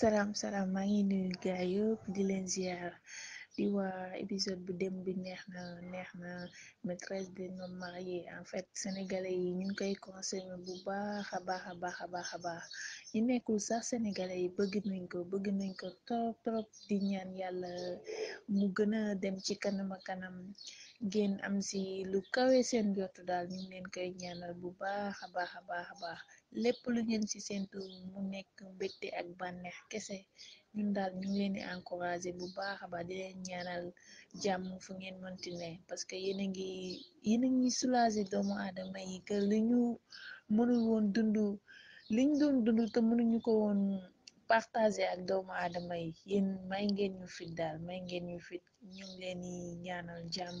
salaam salaam maa ngi nuyu gaay yëpp di leen ziyaara di waa épisode bu dem bi neex na neex na maîtresse d'un homme marié en fait sénégalais yi ñu ngi koy consommer bu baax a baax a baax a baax a baax ñi nekkul sax sénégalais yi bëgg nañ ko bëgg nañ ko trop trop di ñaan yàlla mu gën a dem ci kanama kanam ngeen am si lu kawe seen jotu daal ñu ngi leen koy ñaanal bu baax a baax a baax a baax lépp lu ngeen si mu nekk mbégte ak bànneex kese ñun daal ñu leen di encouragé bu baaxa ba di leen ñaanal jàmm fu ngeen mënti ne parce que yéen a ngi yéen a ngi soulager doomu aadama yi que li ñu mënul woon dund liñ doon dund te mënuñu ko woon partager ak doomu aadama yi yéen may ngeen ñu fit daal may ngeen ñu fit ñu ngi leen di ñaanal jàmm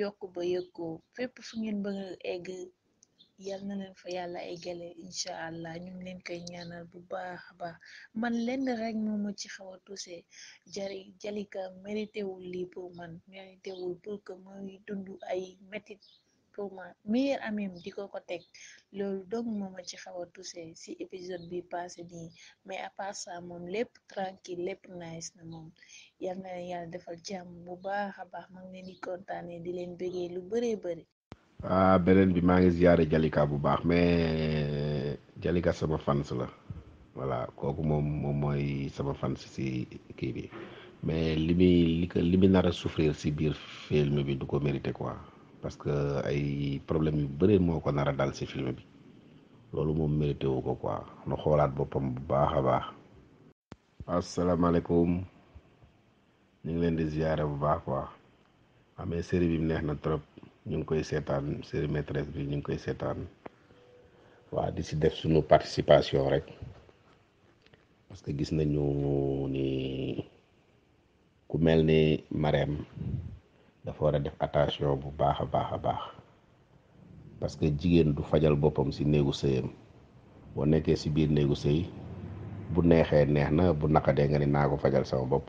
yokk ba yëg ko fu ngeen bëgg egg yal na leen fa yàlla ay gale incha allah ñu ngi leen koy ñaanal bu baax a baax man leen rek moo ma ci xaw a tuuse jari jalika méritéwul lii pour man méritéwul pour que muy dund ay métit pour man meilleur amim di ko ko teg loolu dong moo ma ci xaw a tuuse si épisode bi passé nii mais à part ça moom lépp tranquille lépp nice na moom yal leen yàlla defal jàmm bu baax a baax ma ngi leen di kontaane di leen bégee lu bëree bëri ah beneen bi maa ngi ziare Jalika bu baax mais Jalika sama fans la voilà kooku moom moom mooy sama fans si kii bi mais li muy li muy nar a souffrir si biir film bi du ko mérité quoi parce que ay problème yu bëri moo ko nar a dal si film bi loolu moom mérité ko quoi nu xoolaat boppam bu baax a baax. asalaamaaleykum ñu ngi leen di ziare bu baax quoi amee ah, série bi mu neex na trop. ñu ngi koy seetaan série ñu ngi koy seetaan waa di si def suñu participation rek parce que gis nañu nii ku mel ni Marème dafa war a def attention bu baax a baax a baax parce que jigéen du fajal boppam si néegu sëyam boo nekkee si biir néegu sëy bu neexee neex na bu naqadee nga ni naa ko fajal sama bopp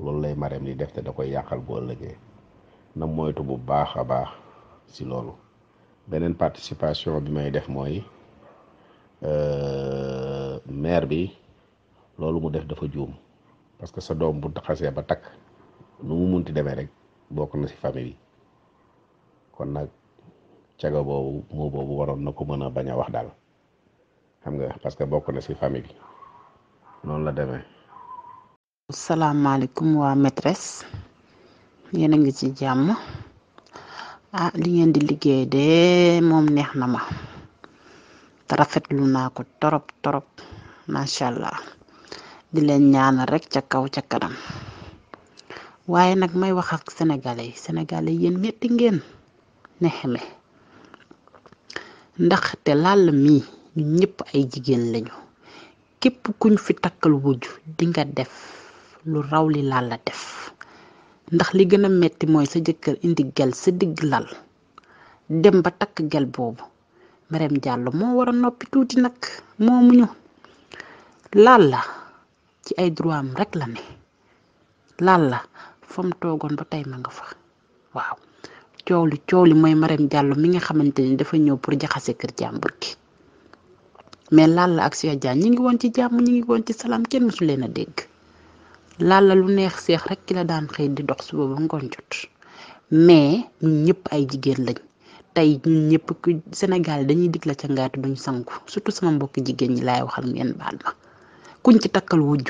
loolu lay Marème di def te da koy yàqal bu ëllëgee na moytu bu baax a baax si loolu beneen participation bi may def mooy euh, maire bi loolu mu def dafa juum parce que sa doom bu xasee ba takk nu mu munti demee rek bokk na si famille bi kon nag caga boobu moo boobu waroon na ko mën a bañ a wax daal xam nga parce que bokk na si famille bi noonu la demee. salaamaaleykum waa maîtresse yéen ngi ci jàmm. ah li ngeen di liggéey de moom neex na ma te rafetlu naa ko torop torop macha allah di leen ñaanal rekk ca kaw ca kanam waaye nag may wax ak sénégalais yi sénégalais yéen métti ngeen ne xeme ndax te làll mii ñu ñëpp ay jigéen lañu képp kuñ fi takkal wujj di def lu raw li làlla def ndax li gën a metti mooy sa jëkkër indi gel sa digg lal dem ba takk gel boobu Marème Diallo moo war a noppi tuuti nag moo muñu laal la ci ay droit am rek la ne laal la fa mu toogoon ba tey ma nga fa waaw coow li coow li mooy Marème Diallo mi nga xamante ni dafa ñëw pour jaxasee kër jàmbur gi mais laal la ak Cheikh Diagne ñi ngi woon ci jàmm ñi ngi woon ci salaam kenn mësu leen a dégg Lalla lu neex seex rek ki la daan xëy di dox suba ba ngoon jot mais ñun ñëpp ay jigéen lañ tey ñun ñëpp ku Sénégal dañuy dig la ca ngaatu duñ sangu surtout sama mbokki jigéen ñi laay waxal ngeen baal ma kuñ ci takkal wujj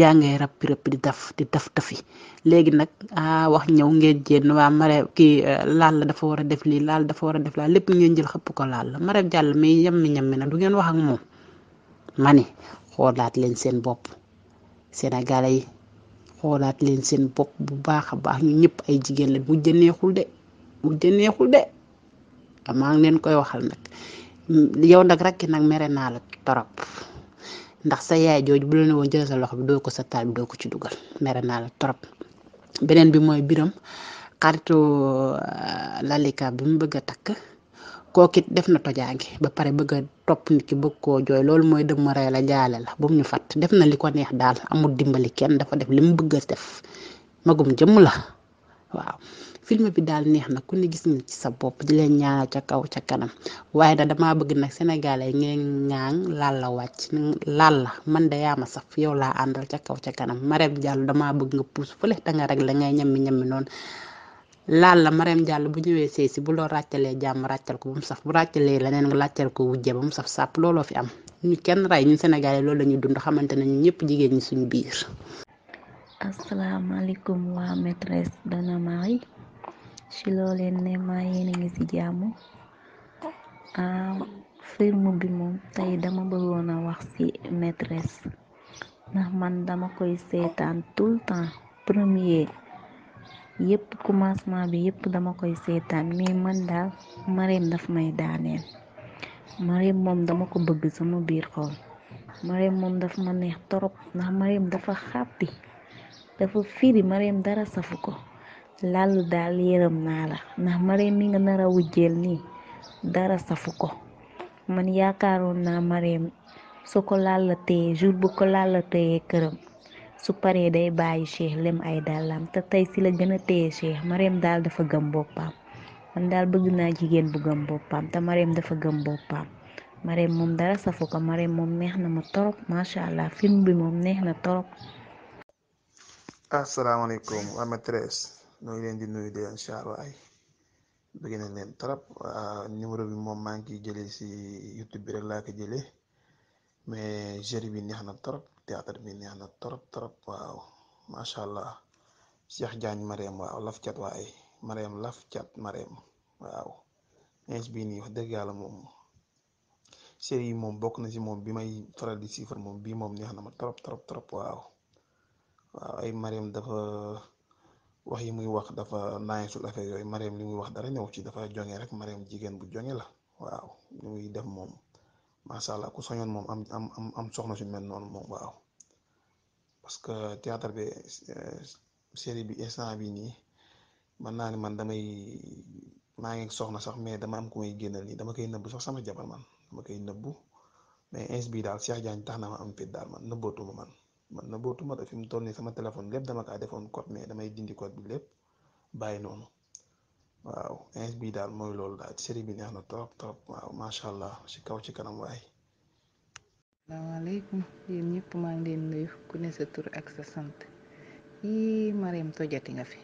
yaa ngay rappi rappi di daf di daf tafi léegi nag ah wax ñëw ngeen jénn waa mare kii euh, Lalla dafa war a def lii Lalla dafa war a def laa lépp ngeen jël xëpp ko Lalla mare jàll mi yammi ñammi na du ngeen wax ak moom ma ni xoolaat leen seen bopp yi xoolaat leen seen bopp bu baax a baax ñu ñëpp ay jigéen lañ mujj neexul de mujj neexul de ah, maa ngi leen koy waxal nag yow nag rakki nag mere naa la trop ndax sa yaay jooju bu la ne woon jël sa loxo bi doo ko sa taal bi doo ko ci dugal mere naa la trop beneen bi mooy biram xaritu euh, lalika bi mu bëgg a takk kookit def na tojaange ba pare bëgg a topp nit ki bëgg koo jooy loolu mooy dëmm ma la jaale la bu mu ñu fat def na li ko neex daal amul dimbali kenn dafa def li mu bëgg a def magum jëmm la waaw film bi daal neex na ku ne gis nga ci sa bopp di leen ñaanal ca kaw ca kanam waaye na dama bëgg nag sénégalais ngeen ñaan laal la wàcc laal la man de yaa ma saf yow laa àndal ca kaw ca kanam Marème Diallo damaa bëgg nga puus fële te nga rek la ngay ñammi ñammi noonu laal la Marème jàll bu ñëwee sëy si bu loo ràccalee jàmm ràccal ko ba mu saf bu leneen nga ràccal ko wujje ba mu saf sàpp looloo fi am ñu kenn rey ñu Sénégalais lool la ñuy dund xamante ne ñëpp jigéen ñi suñu biir. asalaamaaleykum waa maîtresse d'un homme marié ci leen ne maa ngi si jàmm ah, film bi moom tey dama bëggoon wax ci maîtresse ndax man dama koy seetaan tout le temps premier. yépp commencement bi yépp dama koy seetaan mais man daal mareem daf may daaneel mareem moom dama ko bëgg sama biir xol mareem moom daf ma neex torop ndax mareem dafa xàppi dafa firi mareem dara safu ko lalu daal yërëm naa la ndax mareem mi nga nara a wujjeel nii dara safu ko man yaakaaroon naa mareem su ko lalla téye jour bu ko lalla téye këram su paree day bàyyi Cheikh lem ay dàllam te tey si la gën a téye Cheikh Marème daal dafa gëm boppam man daal bëgg naa jigéen bu gëm boppam te Marème dafa gëm boppam Marème moom dara safu ko Marème moom neex na ma torop macha allah film bi moom neex na torop. asalaamaaleykum wa maîtresse ñu ngi leen di nuyu di leen char waay bëgg nañ leen torop ah, numéro bi moom maa ngi ciy jëlee si YouTube bi rek laa ko jëlee mais jëri bi neex na torop. théâtre bi neex na trop trop waaw macha allah Cheikh Diagne Marème waaw laf cat waay Marème laf cat Marème waaw nees bii dëgg yàlla moom série moom bokk na si moom bi may faral di siifar moom bii moom neex na ma trop trop trop waaw waaw ay Marème dafa wax yi muy wax dafa naaje sul affaire yooyu Marème li muy wax dara ñëw ci dafa jonge rek Marème jigéen bu jonge la waaw li muy def moom. macha allah ku soñoon moom am am am am soxna su mel noonu moom waaw parce que théâtre bi euh, série bi instant bi nii man naa ne man damay maa ngi soxna sax mais dama am ku may génnal nii dama koy nëbbu sax sama jabar man dama koy nëbbu mais ins bii daal Cheikh Diagne tax na ma am fit daal man nëbbootuma man man nëbbootuma da fi mu toll nii sama téléphone lépp dama kaa defoon code mais damay dindi code bi lépp bàyyi noonu waaw bii daal mooy loolu daal série bi neex na trop trop waaw macha allah ci kaw ci kanam waay. salaamaaleykum yéen ñëpp maa ngi leen nuyu ku ne sa tur ak sa sant yii Marème tojati nga fi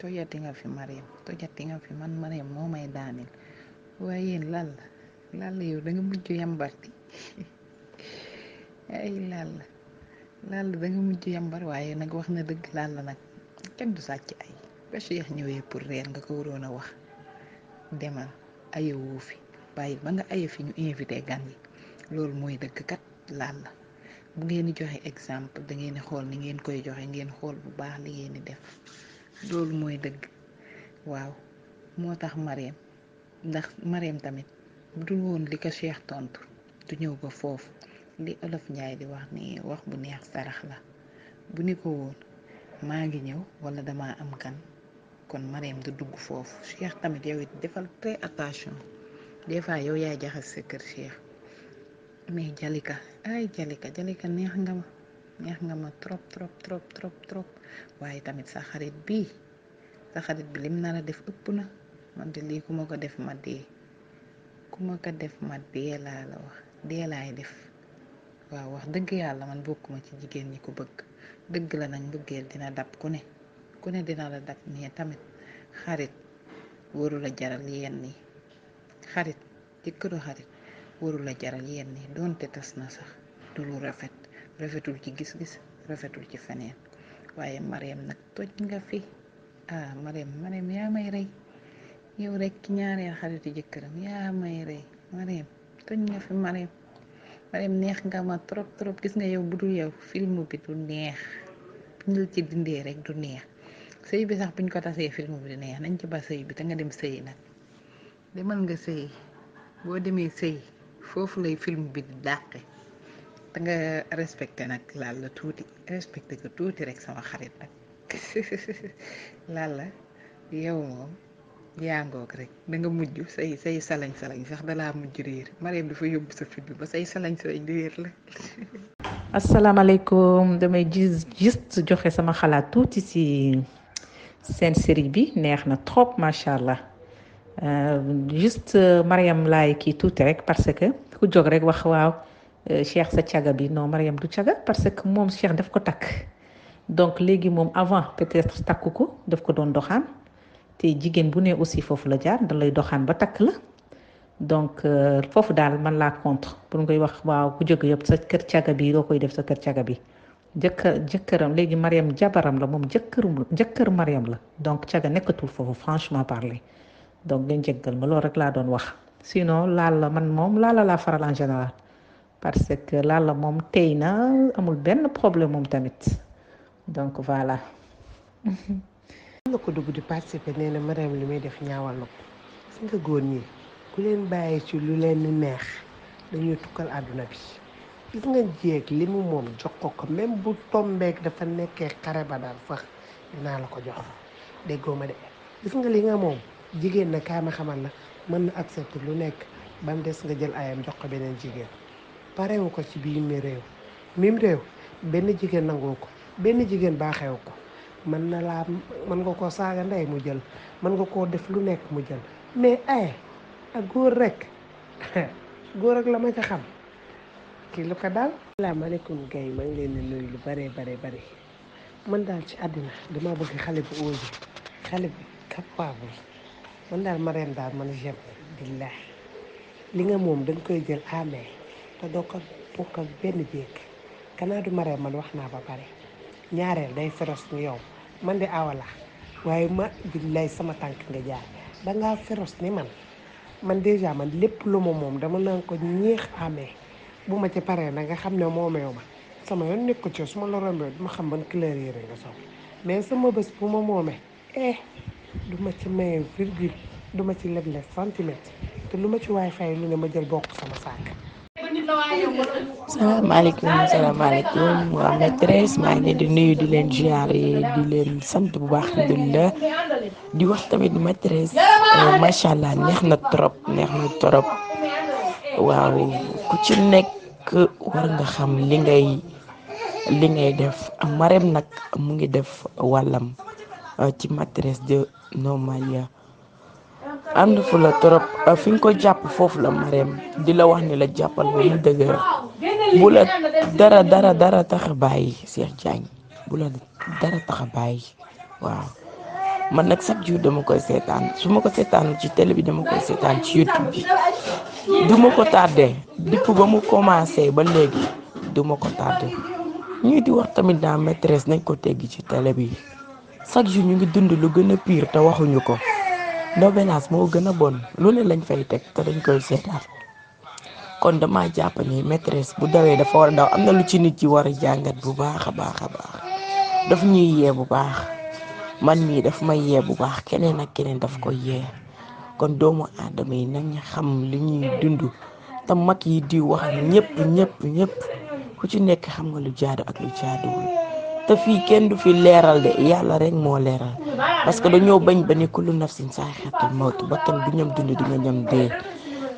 tojati nga fi Marème tojati nga fi man Marème moo may daaneel waaye yéen lan la yow da nga mujj yambarti ay lan la lan la yambar waaye nag wax na dëgg lan la nag kenn du sàcc ay. ba Cheikh ñëwee pour reer nga ko waroon a wax demal ayewoo fi bàyyi ba nga aye fi ñu invité gan yi loolu mooy dëgg kat laal la bu ngeen di joxe exemple da ngeen di xool ni ngeen koy joxe ngeen xool bu baax li ngeen di def loolu mooy dëgg waaw moo tax Marème ndax Marème tamit bu dul woon li ko Cheikh tontu du ñëw ba foofu li Olof Njaay di wax ni wax bu neex sarax la bu ne ko woon maa ngi ñëw wala dama am kan kon Marème du dugg foofu Cheikh tamit yow it defal très attention des fois yow yaay jaxas sa kër Cheikh mais Jalika ay Jalika Jalika neex nga ma neex nga ma trop trop trop trop waaye tamit sa xarit bi sa xarit bi lim nar a def ëpp na man de lii ku ma ko def ma dee ku ma ko def ma dee laa la wax dee laay def waaw wax dëgg yàlla man bokkuma ci jigéen ñi ko bëgg dëgg la nañ bëggeel dina dab ku ne. ku ne dina la dab mais tamit xarit warula la jaral yenn yi xarit jëkkëru xarit warula la jaral yenn yi doonte tas na sax du lu rafet rafetul ci gis-gis rafetul ci feneen waaye mareem nag toj nga fi ah mareem mareem yaa may rey yow rekk ci ñaareel xaritu jëkkëram yaa may rey mareem toj nga fi mareem mareem neex nga ma trop trop gis nga yow bu dul yow film bi du neex ñu ci dindee rek du neex sëy bi sax buñ ko tasee film bi neex nañ ci ba sëy bi te nga dem sëy nag demal nga sëy boo demee sëy foofu lay film bi di dàqe te nga respecté nag laal la tuuti respecté ko tuuti rek sama xarit nag laal la yow moom yaangoog rek da nga mujj say say salañ salañ sax dalaa mujj réer Marème dafa yóbbu sa film ba say salañ salañ réer la asalaamaaleykum damay gis juste joxe sama xalaat tuuti si seen série bi neex na trop macha allah euh, juste euh, Mariam laay kii tuuti rek parce que ku jóg rek wax waaw euh, Cheikh sa caga bi noo Mariam du caga parce que moom Cheikh daf ko takk donc léegi moom avant peut-être takku ko daf ko doon doxaan te jigéen bu ne aussi foofu la jaar da lay doxaan ba takk la donc foofu daal man laa contre bu ñu koy wax waaw ku jóg yëpp sa kër caga bi loo koy def sa kër caga bi. jëkkër jëkkëram léegi Mariam jabaram la moom jëkkërum jëkkër la donc caga nekkatul foofu franchement parler donc ngeen jéggal ma loolu rek laa doon wax sinon laal la man moom laala laa faral en général parce que laal la moom tey na amul benn problème moom tamit donc voilà. nga ko dugg di participer nee na Mariam li may def ñaawal na ko si nga góor ñi ku leen bàyyi ci lu leen neex dañuy tukkal àdduna bi. gis nga jéeg li mu moom jox ko ko même bu tombeek dafa nekkee xare ba daal sax dinaa la ko jox déggoo ma de gis nga li nga moom jigéen na kaama xamal la mën na accepter lu nekk ba mu des nga jël ayam jox ko beneen jigéen parewu ko ci biir mi réew mim réew benn jigéen nangoo ko benn jigéen baaxew ko mën na laa mën nga koo saaga ndey mu jël mën nga koo def lu nekk mu jël mais ay eh, ak góor rekk góor rek la ma ca xam kii lu ko daal salaamaaleykum gars yi ngi leen di lu bare bare bare man daal ci àddina dama bëgg xale bu osé xale bu capable man daal Marème daal man j'aime billaah li nga moom dañ koy jël amee te doo ko bokk ak benn jéeg kanaa du Marème man wax naa ba pare ñaareel day féroce ni yow man di awala waaye ma billaay sama tànk nga jaar dangaa féroce ni man man déjà man lépp lu ma moom dama naan ko ñeex amee bu ma ci paree na nga xam ne moomeew ma sama yoon nekk ci su ma la rombee du ma xam ban couleur yére nga sol mais sama bés bu ma moomee eh du ma ci maye virgule duma ma ci leble centimètre te lu ma ci waay fay lu ne ma jël bokk sama sàkk. salaamaaleykum salaamaaleykum waa maîtresse maa ngi di nuyu di leen ziare di leen sant bu baax alhamdulilah di wax tamit maîtresse euh, macha allah neex na trop neex na trop waaw ku ci nekk. nekk war nga xam li ngay li ngay def Marème nag mu ngi def wàllam euh, ci maîtresse de Nomalia ànd fu la trop euh, fi nga ko jàpp foofu la Marème di la wax ni la jàppal ba mu dëgër bu dara dara dara tax a bàyyi Cheikh Diagne dara tax a waaw. man nag chaque jour dama koy seetaan su ma ko seetaan ci télé bi dama koy seetaan ci YouTube bi du ma ko tardé dipp ba mu commencé ba léegi du ma ko tardé ñuy di wax tamit naa maîtresse nañ ko teggi ci télé bi chaque jour ñu ngi dund lu gën a piir te waxuñu ko novelas moo gën a bon lu ne lañ fay teg te dañ koy seetaan kon dama jàpp ni maîtresse bu dawee dafa war a daw am na lu ci nit yi war a jàngat bu baax a baax a baax daf ñuy yee bu baax. man mii daf may yee bu baax keneen ak keneen daf ko yee kon doomu aadama yi nañ xam li ñuy dund te mag yi di wax ñëpp ñëpp ñëpp ku ci nekk xam nga lu jaadu ak lu jaaduwul te fii kenn du fi leeral de yàlla rek moo leeral parce que dañoo bañ ba ne kullu nafsin saa xeetul mawt ba kenn du ñam dund di nga ñam dee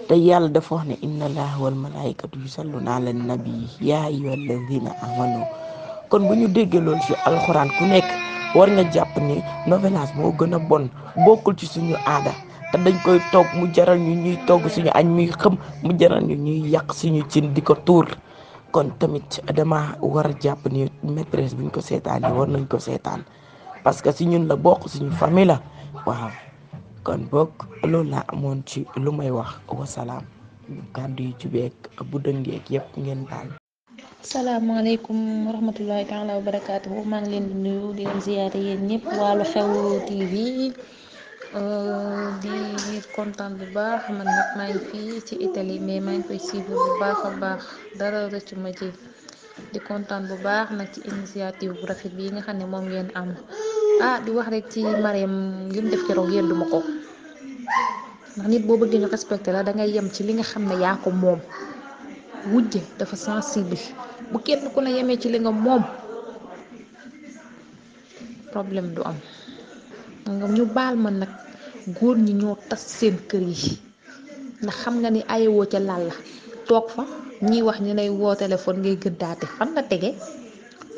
te yàlla dafa wax ne inna allaha wal malaikatu yusalluna ala nabi ya ayyuha alladina amanu kon bu ñu déggee loolu ci alxuraan ku nekk war na jàpp ni novelas moo gën a bon bokkul ci suñu aada te dañ koy toog mu jaral ñu ñuy togg suñu añ muy xëm mu jaral ñu ñuy yàq suñu cin di ko tuur kon tamit dama war a jàpp ni maîtresse ñu ko seetaan yi war nañ ko seetaan parce que si ñun la bokk suñu famille la waaw kon boog loolu laa amoon ci lu may wax wasalaam kàddu yi ci beeg bu dëngeeg yëpp ngeen daal salaamaaleykum wa rahmatullahi taala wa barakaatu maa ngi leen di nuyu di leen yéen ñëpp waa Xew TV di kontaan bu baax man nag maa maa ngi koy suivre bu baax a baax dara rëccu ma ci di kontaan bu baax nag ci initiative bu rafet bi nga xam ne moom ngeen am ah di wax rek ci Marème li mu def ko ndax nit boo bëggee ñu la da ngay yem ci li nga xam ne yaa ko moom wujje dafa sensible. bu kenn ku ne yemee ci li nga moom problème du am nga ñu baal ma nag góor ñi ñoo tas seen kër yi ndax xam nga ni ayewoo ca lal toog fa ñiy wax ñu lay woo téléphone ngay gëddaate fan la tege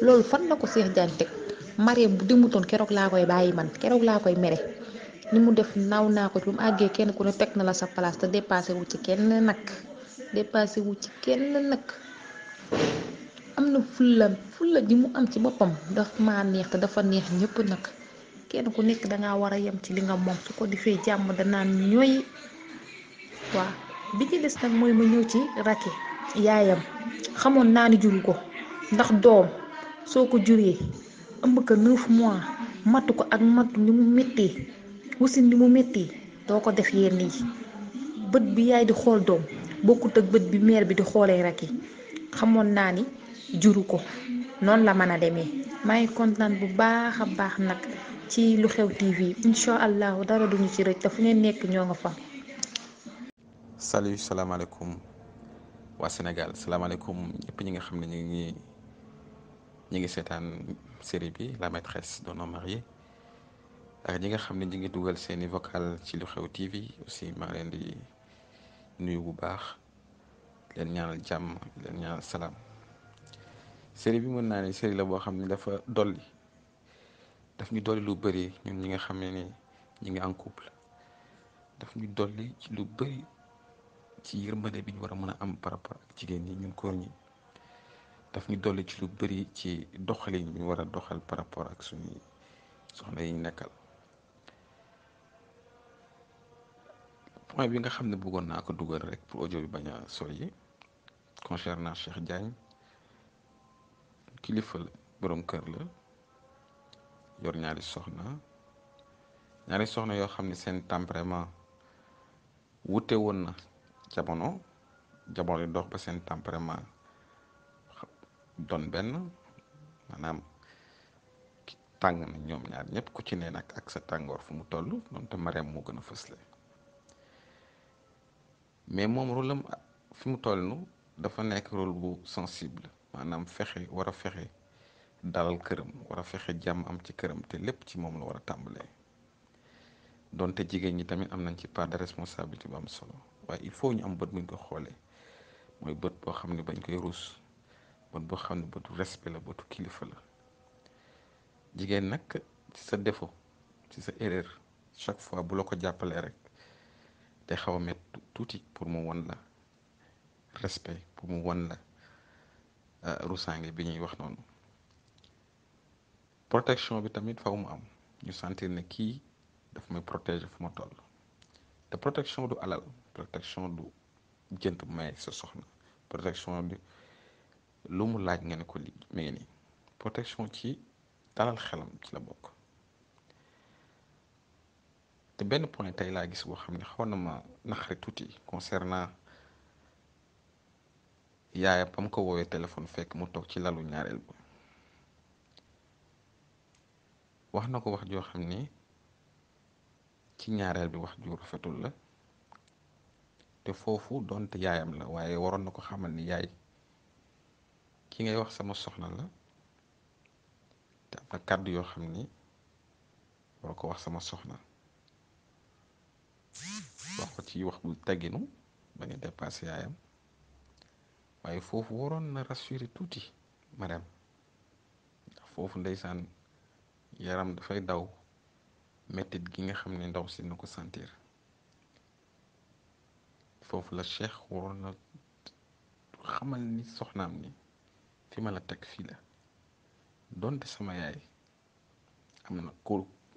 loolu fan la ko Cheikh Diagne teg Marème bu demutoon keroog laa koy bàyyi man keroog laa koy mere ni mu def naaw naa ko ci bu mu àggee kenn ku ne teg na la sa place te dépassé wu ci kenn nag dépassé wu ci kenn nag. am na fulla fulla ji mu am ci boppam dafa maa neex te dafa neex ñëpp nag kenn ku nekk danga war a yem ci li nga moom su ko defee jàmm danaan ñooy waa bi ci des nag mooy ma ñëw ci Racky yaayam xamoon naa ni juru ko ndax doom soo ko juree ëmb ko neuf mois matt ko ak matt ni mu métti wasin li mu métti doo ko def yenn yi bët bi yaay di xool doom bokkut ak bët bi mère bi di xoolee Racky xamoon naa ni juru ko noonu la mën a demee maa ngi kontaan bu baax a baax nag ci lu xew TV incha allahu dara duñu ci rëcc te fu ngeen nekk ñoo nga fa. salut salaamaaleykum waa Sénégal salaamaaleykum ñi nga xam ne ñu ngi ñu ngi seetaan série bi la maîtresse d'un homme marié ak ñi nga xam ne ñu ngi dugal seeni vocal ci lu xew TV aussi maa leen di nuyu bu baax leen ñaanal jàmm leen ñaanal salaam. série bi mën naa ne série la boo xam ne dafa dolli daf ñu dolli lu bëri ñu ñi nga xam ne ni ñu ngi en couple daf ñu dolli ci lu bëri ci yërmande bi ñu war a mën a am par rapport ak jigéen ñi ñun góor ñi daf ñu dolli ci lu bëri ci doxalin bi war a doxal par rapport ak suñu soxna yi nekkal point bi nga xam ne bëggoon naa ko dugal rek pour audio bi bañ a sori concernant Cheikh Diagne kilifa la borom kër la yor ñaari soxna ñaari soxna yoo xam ne seen tempérament wute woon na jamono jamono yi dox ba seen tempérament doon benn maanaam tàng na ñoom ñaar ñëpp ku ci ne nag ak sa tàngoor fu mu toll noonu te moo gën a fësle mais moom rôlam fi mu toll nu dafa nekk rôle bu sensible maanaam fexe war a fexe dalal këram war a fexe jàmm am ci këram te lépp ci moom la war a tàmbalee donte jigéen ñi tamit am nañ ci part de responsabilité bu am solo waaye il faut ñu am bët buñ ko xoolee mooy bët boo xam ne bañ koy ruus bët boo xam ne bëtu respect la bëtu kilifa la jigéen nag ci sa défaut ci sa erreur chaque fois bu la ko jàppalee rek te xaw a métti tuuti pour mu won la respect pour mu won la. Euh, rusange bi ñuy wax noonu protection bi tamit faw ma am ñu sentir ne kii daf may protéger fu ma toll te protection du alal protection du jënd may sa soxna protection du lu mu laaj nga ne ko lii mi nii protection ci dalal xelam ci la bokk te benn point tey laa gis boo xam ne xaw na ma naqari tuuti concernant yaayam ba ko woowee téléphone fekk mu toog ci lalu ñaareel ba wax na ko wax joo xam ni ci ñaareel bi wax ju fetul la te foofu doonte yaayam la waaye waroon na ko xamal ni yaay ki ngay wax sama soxna la te am na kàddu yoo xam ni war ko wax sama soxna wax ko ci wax bu tegginu ba nga dépassé yaayam waaye foofu waroon na rassuré tuuti Marème foofu ndeysaan yaram dafay daw metit gi nga xam ne ndaw si na ko sentir foofu la Cheikh waroon na xamal ni soxnaam ni fi ma la teg fii la sama yaay am na ku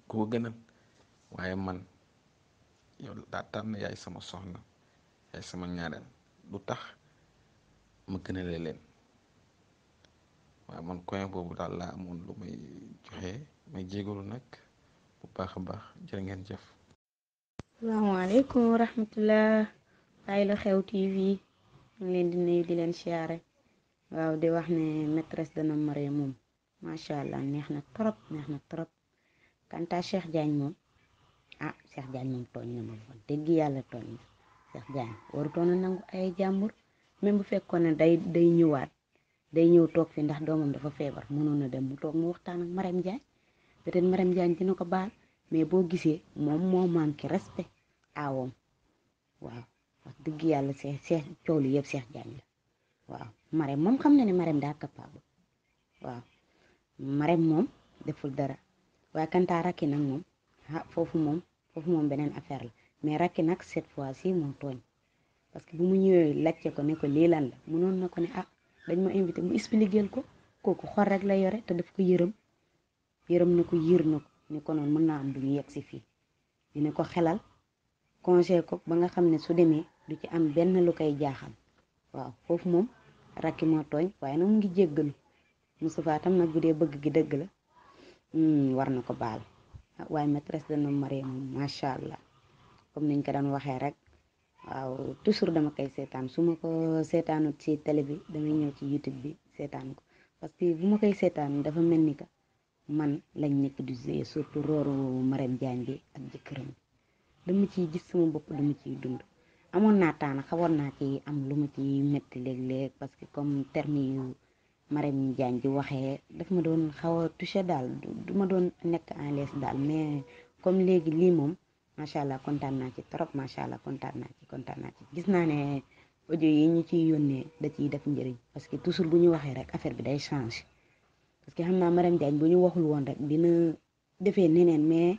ko gënal waaye man yow daa tànn yaay sama soxna yaay sama ñaareel lu tax ma gënale waaw man coin boobu daal la moon lu may joxe may jégalu nag bu baax a baax jërë ngeen jëf. salaamaaleykum wa rahmatullah bàyyi la xew TV ñu ngi leen di nuyu di leen siyaare waaw di wax ne maîtresse d'un homme moom macha allah neex na trop neex na trop kanta Cheikh Diagne moom ah Cheikh Diagne moom tooñ na moom wax dëgg yàlla tooñ na Cheikh Diagne warutoon a nangu ay jàmbur. même bu fekkoon ne day day ñëwaat day ñëw toog fi ndax doomam dafa feebar mënoon na dem mu toog mu waxtaan ak Marème Diagne peut-être Marème Diagne dina ko baal mais boo gisee moom moo manqué respect aawam waaw wax dëgg yàlla Cheikh Cheikh coow li yëpp Cheikh Diagne la waaw Marème moom xam na ni Marème daa capable waaw Marème moom deful dara waaye Kanta rakki nag moom ah foofu moom foofu moom beneen affaire la mais rakki nag cette fois ci moom tooñ. parce que bu mu ñëwee laajte ko ne lii lan la mënoon na ko ne ah dañ ma invité mu expliquer ko kooku xor rek la yore te def ko yërëm yërëm na ko yër na ko ni ko noonu mën naa am duñu yegg si fii dina ko xelal congé ko ba nga xam ne su demee du ci am benn lu koy jaaxal waaw foofu moom rakki moo tooñ waaye nag mu ngi jéggalu Moustapha tam nag bu dee bëgg gi dëgg la hmm, war na ko baal ah, waaye maîtresse de homme marié moom macha allah comme niñ ko daan waxee rek waaw toujours dama koy seetaan su ma ko seetaanut ci télé bi damay ñëw ci YouTube bi seetaan ko parce que bu ma koy seetaan dafa mel ni que man lañ nekk di jouer surtout rooru Marème Diagne ak jëkkëram dama ciy gis suma bopp dama ciy dund amoon naa taana xawoon naa ki am lu ma ci métti léeg-léeg parce que comme terme yu Marème Diagne ji waxee dafa ma doon xaw a daal du ma doon nekk en l'aise daal mais comme léegi lii moom macha allah kontaan naa ci trop macha allah kontaan naa ci gis naa ne audio yi ñu ciy yónnee da ciy def njëriñ parce que toujours bu ñu waxee rek affaire bi day change parce que xam naa Marème Diagne bu ñu waxul woon rek dina defee neneen mais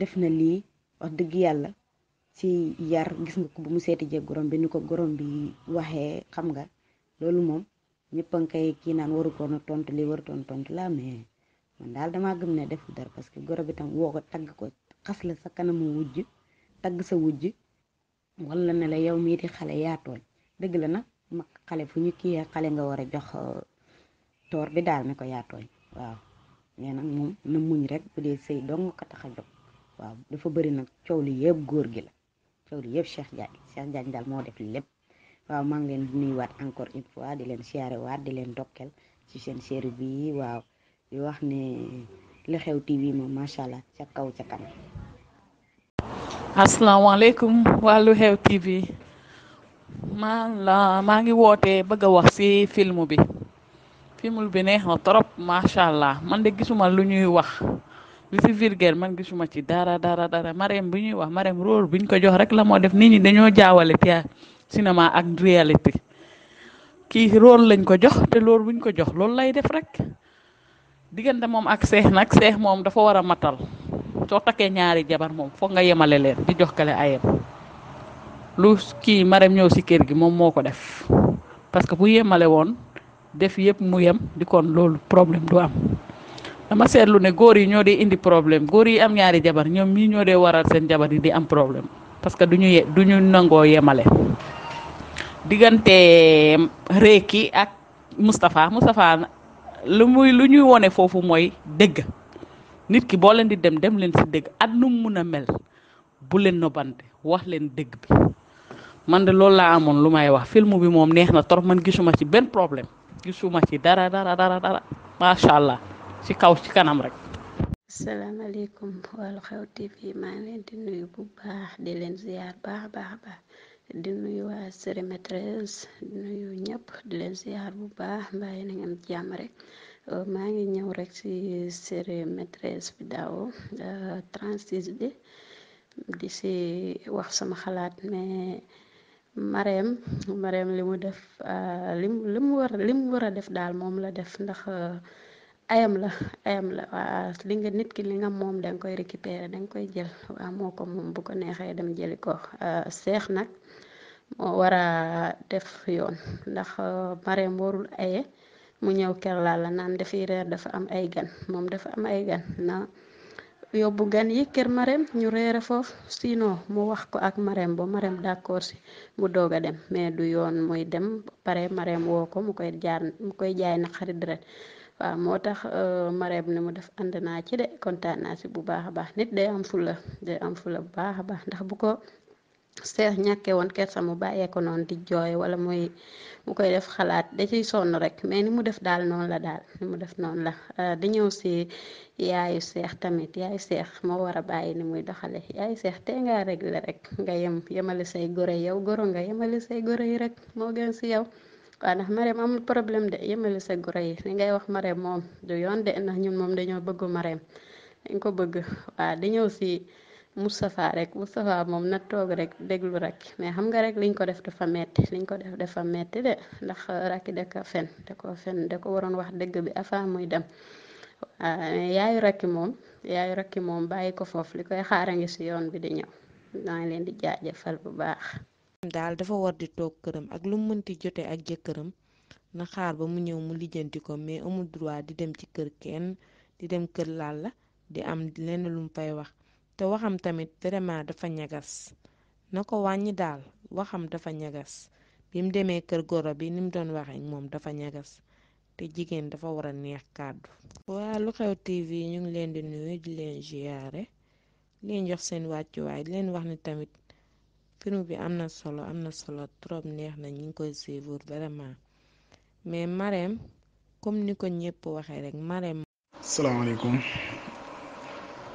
def na lii wax dëgg yàlla si yar gis nga ko bu mu seeti jee gorom bi nu ko gorom bi waxee xam nga loolu moom ñëpp a ngi kii naan waru koon tontu lii waru ton tontu la mais man daal damaa gëm ne def dara parce que goro bi tam woo ko tagg ko xas la sa kanamu wujj tagg sa wujj wala ne la yow mii di xale yaa tooñ dëgg la nag mag xale fu ñu kiyee xale nga war a jox euh, toor bi daal ne ko yaa tooñ waaw mais nag moom na muñ rek bu dee sëy dong ko tax a jóg waaw dafa bëri nag coow li yëpp góor gi la coow li yëpp Cheikh Diagne Cheikh Diagne daal moo def lépp waaw maa ngi leen di nuyuwaat encore une fois di leen siyaare waat di leen dokkel ci seen série bi waaw di wax ne li xew TV moom macha allah ca kaw ca kanam. asalaamaaleykum waa lu xew TV maa la maa ngi woote bëgg a wax si film bi film bi neex na trop macha allah man de gisuma lu ñuy wax li ci virgule man gisuma ci dara dara dara Marème bu ñuy wax Marème rôle bi ñu ko jox rek la moo def nit ñi dañoo jaawale théâtre cinéma ak réalité kii rôle lañ ko jox te loolu buñ ko jox loolu lay def rek. diggante moom ak seex nag seex moom dafa war a matal soo takkee ñaari jabar moom foog nga yemale leen di jox kale ayem lu kii maram ñëw si kër gi moom moo ko def parce que bu yemale woon def yëpp mu yem di kon loolu problème du am dama seetlu ne góor yi ñoo dee indi problème góor yi am ñaari jabar ñoom ñii ñoo dee waral seen jabar yi di am problème parce que du ñu du ñu nangoo yemale diggante Reeki ak Moustapha Moustapha lu muy lu ñuy wone foofu mooy dégg nit ki boo leen di dem dem leen si dégg at nu mun a mel bu leen nobante wax leen dégg bi man de loolu laa amoon lu may wax film bi moom neex na trop man gisuma ci benn problème gisuma ci dara dara dara dara allah ci kaw ci kanam rek. asalaamaaleykum Lu Xew TV maa leen di nuyu bu baax di leen ziar baax baax baax. di nuyu waa Sœurs et Maîtresses di nuyu ñëpp di leen siyaar bu baax mbaa na a ngi rek euh, maa ngi ñëw rek si Sœurs et Maîtresses bi daaw 36 bi di si wax sama xalaat mais Marème Marème li mu def euh, li mu war mu war a def daal moom la def ndax. Euh, ayam la ayam la waaw li nit ki li nga moom danga koy récupérer danga koy jël waaw moo ko moom bu ko neexee dem jëli ko seex nag moo war a def yoon ndax euh, mareem warul aye mu ñëw kerlaal la naan dafiy reer dafa am ay gan moom dafa am ay gan na yóbbu gan yi kër mareem ñu reere foofu sinon mu wax ko ak mareem ba mareem d'accord si mu doog a dem mais du yoon muy dem pare mareem woo mu koy jaar mu koy jaay naqari waaw moo tax euh, Marème ne mu def ànd naa ci de kontaan naa si bu baax a baax nit day am fula day am fula bu baax a baax ndax bu ko seex ñàkkee woon kersa mu bàyyee ko noonu di jooy wala muy mu koy def xalaat da ciy sonn rek mais ni mu def daal noonu la daal ni mu def noonu la euh, di ñëw si yaayu seex tamit yaayu seex moo war a bàyyi ni muy doxale yaayu seex tee ngaa rek nga yem yemali say gore yow goro nga yemali say gore rek moo gën si yow. waaw ndax Marème amul problème de yemale sa goro yi li ngay wax Marème moom du yoon de ndax ñun moom dañoo bëgg Marème dañ ko bëgg waaw di ñëw si Moustapha rek Moustapha moom na toog rek déglu rek mais xam nga rek liñ ko def dafa metti liñ ko def dafa metti de ndax rakki da ko fen da ko fen da ko waroon wax dëgg bi avant muy dem waaw yaayu rakki moom yaayu rakki moom bàyyi ko foofu li koy ngi si yoon bi di ñëw maa ngi leen di jaajëfal bu baax daal dafa war di toog këram ak lu mënti jote ak jëkkëram na xaar ba mu ñëw mu lijjanti ko mais amul droit di dem ci kër kenn di dem kër laal la di am lenn lu mu fay wax te waxam tamit vraiment dafa ñagas na ko wàññi daal waxam dafa ñagas bi mu demee kër goro bi ni mu doon waxee moom dafa ñagas te jigéen dafa war a neex kàddu waa lu xew tv ñu ngi leen di nuyu di leen ziyaare leen jox seen wàccuwaay leen wax ni tamit film bi am na solo am na solo trop neex na ñu ngi koy suivre vraiment mais Marème comme ni ko ñëpp waxee rek Marème. salaamaaleykum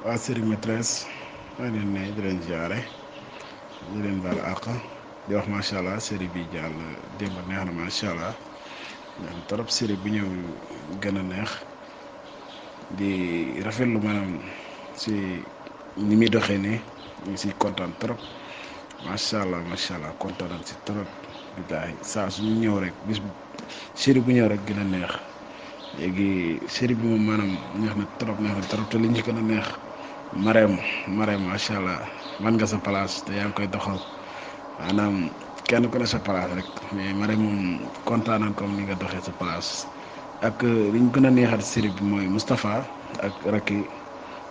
waa série maîtresse maa leen ne di leen jaare àq di wax macha allah bi jàll démb neex na macha allah neex na trop série bu ñëw gën a neex di rafetlu maanaam si ni muy doxee nii ñu si siy trop. macha allah macha allah kontaan si trop billahi saa suñu ñëw rek bis série bu ñëw rek gën a neex léegi série bi moom maanaam neex na trop neex na trop te li ñu gën a neex mareem mareem macha allah man nga sa place te yaa ngi koy doxal maanaam kenn ku ne sa place rek mais mareem moom kontaan nañ comme ni nga doxee sa place ak euh, li ñu gën a neexal série bi mooy Moustapha ak Racky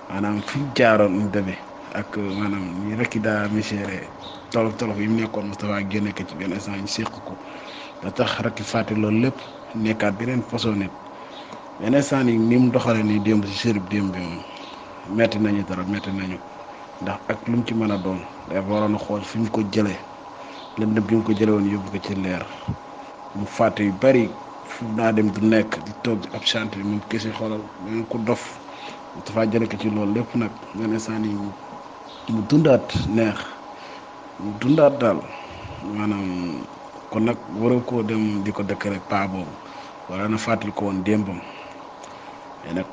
maanaam fi jaaroon ñu demee. ak euh, maanaam ñi rekki daa misére tolof tolof yi mu nekkoon Moustapha génne ko ci benn instant ñu séq ko ba tax rakki fàtte loolu lépp nekkaat beneen façon nit benn instant ni ni mu doxale nii démb si sérib démb bi moom metti nañu dara metti nañu ndax ak lu mu ci mën a doon day waroon a xool fi mu ko jëlee lëndëm bi mu ko jële woon yóbbu ko ci leer mu fàtte yu bari fu daa dem du nekk di toog ab chante bi moom kese xoolal danga ko dof dafa jële ko ci loolu lépp nag benn instant mu dundaat neex mu dundaat daal maanaam kon nag waroo ko dem di ko dëkk rek paa wala na fàttali ko woon dembam mais nag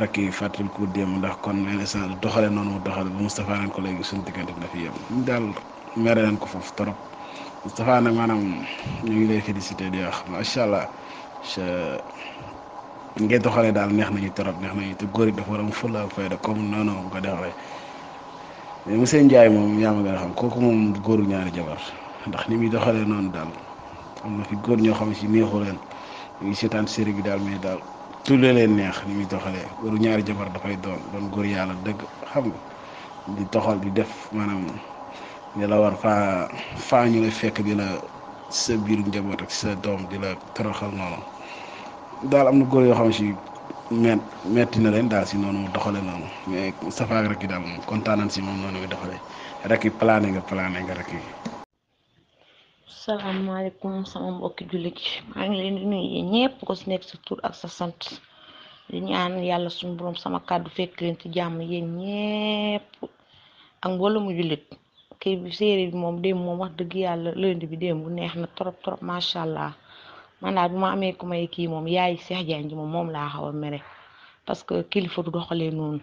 rakk yi fàttali ko ndax kon benn instant doxale noonu mu doxale ba Moustapha ko léegi suñu diggante bi dafa yem ñu daal mere nañ ko foofu torop Moustapha nag maanaam ñu ngi lay félicité di wax macha allah ngay doxalee daal neex nañu torop neex nañu te góor yi dafa war a am fulla ak fayda comme noonu nga ko doxalee mais monsieur Ndiaye moom yaa ma gën a xam kooku moom góoru ñaari jabar ndax ni muy doxalee noonu daal am na fi góor ñoo xam si neexu leen ñu ngi seetaan série bi daal mais daal tout leen neex ni muy doxalee góoru ñaari jabar dafay doon doon góor yàlla dëgg xam di doxal di def maanaam ne la war faa faa ñu la fekk di la sa biir njaboot ak sa doom di la toroxal noonu daal am na góor yoo xam si. met metti na leen daal si noonu doxale noonu mais Moustapha ak Racky daal moom kontaan nañ si moom noonu muy doxale Racky plané nga plané nga sama mbokki jullit yi maa ngi leen di nuyu nekk sa tur ak sa sant di ñaan yàlla suñu borom sama kàddu fekk leen ci jàmm yéen ñëpp ak mbooloo mu jullit kii bi séeréer bi moom démb moom wax dëgg yàlla lundi bi démb bu neex na trop trop macha allah. man daal bu ma amee ku may kii moom yaay Cheikh Diagne ji moom moom laa xaw a mere parce que kilifa du doxalee noonu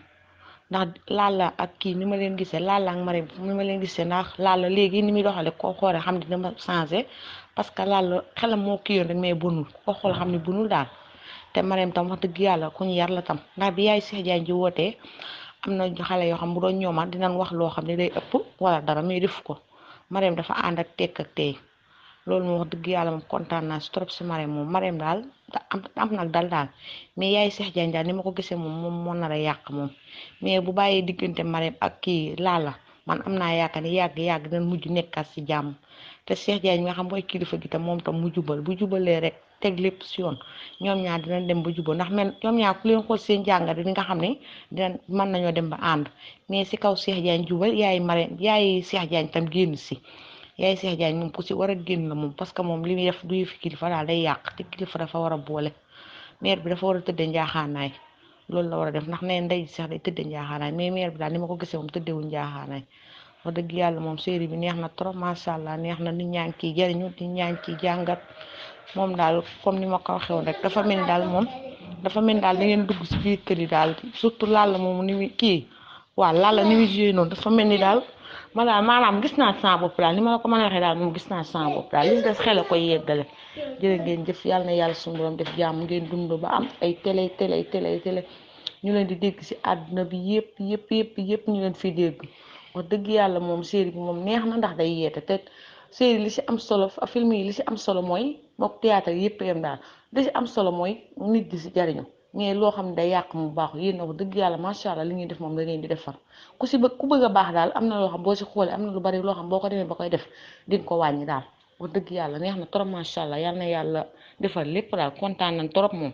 ndax Lalla ak kii ni ma leen gisee Lalla ak Marème ni ma leen gisee ndax Lalla léegi ni muy doxalee koo xoolee xam ne dama changé parce que Lalla xelam moo kii yoon rek mais bonul koo xool xam ne nul daal te Marème tam wax dëgg yàlla ku ñu yar la tam ndax bi yaay Cheikh Diagne ji wootee am na xale yoo xam bu doon ñoomaat dinañ wax loo xam ne day ëpp wala dara muy def ko Marème dafa ànd ak tekk ak tey. loolu moom wax dëgg yàlla moom kontaan naa si trop si Marème moom Marème daal am am nag dal daal mais yaay seex Diagne daal ni ma ko gisee moom moom moo nar yàq moom mais bu bàyyee diggante Marème ak kii Lalla man am naa yaakaar yàgg-yàgg dina mujj nekkaat si jàmm te Cheikh Diagne nga xam mooy kilifa gi moom tam mu jubal bu jubalee rek teg lépp si yoon ñoom ñaar dinañ dem ba jubal ndax men ñoom ñaar ku leen xool seen jàngat di nga xam ni dinañ mën nañoo dem ba ànd mais si kaw Cheikh Diagne jubal yaay Marème yaay Cheikh Diagne tam génn si yaay Cheikh Diagne moom ku si war a génn moom parce que moom li muy def du yëfi kilifa daal day yàq te kilifa dafa war a boole maire bi dafa war a tëddee njaaxaanaay loolu la war a def ndax nee ndey sax day tëddee njaaxaanaay mais maire bi daal ni ma ko gisee moom tëddeewul njaaxaanaay wax yàlla moom série bi neex na trop macha allah neex na nit ñaa ngi ciy jëriñu nit ñaa jàngat moom daal comme ni ma ko waxee woon rek dafa mel ni daal moom dafa mel ni daal da ngeen dugg si biir kër yi daal surtout Lalla moom ni muy kii waa Lalla ni muy joué dafa mel ni daal. ma daal maanaam gis naa sama bopp daal ni ma la ko mën a waxee moom gis naa sama bopp daal li des xel a koy ngeen jëf yàlla na yàlla suñu borom def jàmm ngeen dund ba am ay télé télé tele ñu leen di dégg ci àdduna bi yëpp yëpp yëpp yëpp ñu leen fi dégg wax dëgg yàlla moom série bi moom neex na ndax day yeete te série li si am solo film yi li si am solo mooy mook théâtre yëpp yem daal li si am solo mooy nit di ci jariñu mais loo xam ne day yàq mu baaxul yéen a wax dëgg yàlla macha allah li ñuy def moom da ngeen di defar ku si bëgg ku bëgg a baax daal am na loo xam boo si xoolee am na lu bari loo xam boo ko demee ba koy def di nga ko wàññi daal wax dëgg yàlla neex na trop macha allah yal na yàlla defar lépp daal kontaan nañ trop moom